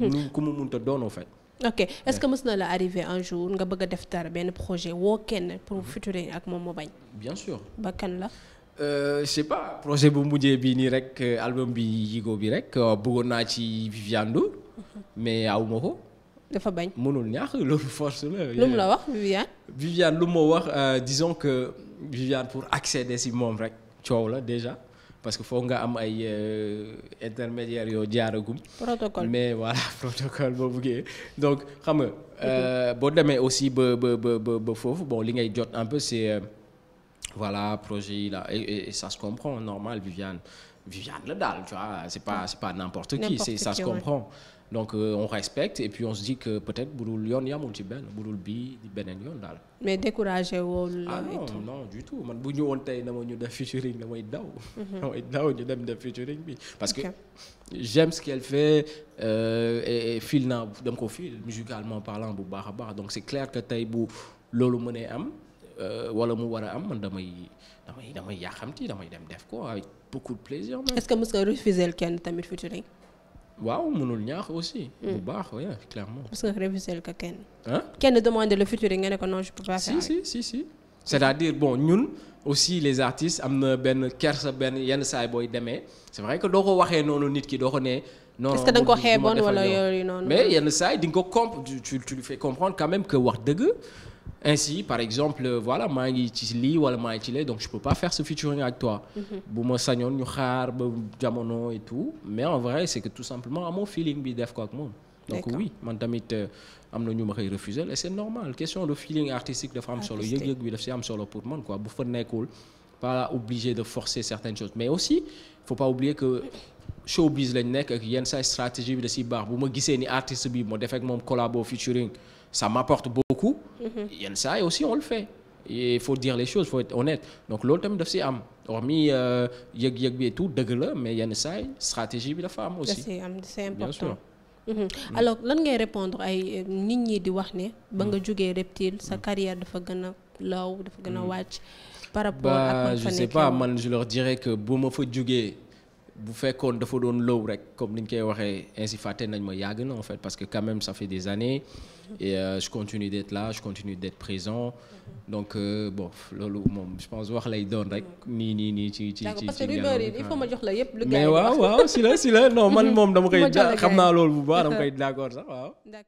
ñu hmm. ku mu munta doonoo fait ok est-ce que mës na la arrivé un jour nga bëgg a def dara benn projet woo kenn pour hmm. futuré ak moom mu bañ. bien sûr ba kan la. Euh, je sais pas projet bu mujjee bii nii rek euh, album bi yigo bi rek euh, bëggoon naa ci Viviane Ndour mhm. mais awuma ko. dafa bañ mënul ñaax loolu force la. lu mu la wax Viviane. Viviane lu ma wax disons que Viviane pour accéder si moom rek coow la déjà. parce que foog nga am ay euh, intermédiaires yoo jaaragum. protocole mais voilà protocole boo buggee donc xam nga. Euh, boo demee aussi ba ba ba foofu bon li ngay jot un peu c'est euh, voilà projet yila là et, et, et ça se comprend normal Viviane. Viviane la daal tu vois c'est pas c'est qui c'est ça se euh, respecte puis on se dit que peut-être bu dul yoon yamul ci benn bu dul bii beneen yoon daal. mais découragé woon la. ah non non du tout man bu ñëwoon tey dama ñu def featuring damay de mhm. damay daw ñu dem def featuring bi. parce que j'aime ce qu'elle fait euh, fil naa dama ko fil musicalement parlant bu baax a baax donc c'est clair que tey bu loolu mënee am. Euh, wala mu war a am man damay damay damay yàqamti damay dem def ko avec beaucoup de plaisir. Même. est-ce que mos nga refusé kenn tamit featuring. waaw mënul ñaax aussi. Hmm. bu baax oui clairement. mos nga refusé ko kenn. kenn demande le featuring nga ne ko non je peux si si si si. c'est-à-dire bon ñun aussi les artistes am na benn kersa benn yenn saay booy demee c'est vrai que doo ko waxee noonu nit ki doo ko ne. da nga ko xeeboon wala yooyu noonu. mais yenn saay di nga ko comp tu tu comprendre quand même que ainsi par exemple euh, voilà maa ci lii wala maa ci lee donc je peux pas faire ce featuring ak toi. Mhm. bu ma sañoon ñu xaar ba jamono et tout mais en vrai c'est que tout simplement amoo feeling bi def ko ak moom. donc oui man tamit euh, am na ñu ma koy refuser et c'est normal question de feeling artistique dafa am solo yëg-yëg bi daf si am solo pour man quoi bu fa nekkul pas obligé de forcer certaines choses mais aussi faut pas oublier que showbiz lañ nekk yenn saa si baax bu ma gisee ni artiste bi ma def ak moom ça m'apporte beaucoup. Mhm. yenn saa yi aussi on le fait. il faut dire les choses faut être honnête donc loolu tamit daf si am hormis euh, yëg-yëg bi et tout dëgg la mais yenn saa yi stratégie bi dafa am. aussi c'est important c'est important. Mhm. Mm. alors lan ngay répondre ay euh, nit ñi di wax ne. ba nga mm. jógee reptile sa mm. carrière dafa gën a law dafa gën a wàcc. par rapport ak man fa je je leur dirais que bu ma fa jógee bu fekkoon dafa doon lëw rek comme ni ñu koy waxee ainsi fàtte nañ ma yàgg na en fait parce que quand même ça fait des années et euh, je continue d'être là je continue d'être présent donc euh, bon loolu moom je pense wax lay doon rek nii nii nii ci ci ci parce que rumeur yi il faut ma jox la yëpp. mais waaw waaw si la si la non man moom dama koy. naa loolu bu baax dama koy d'accord sax waaw.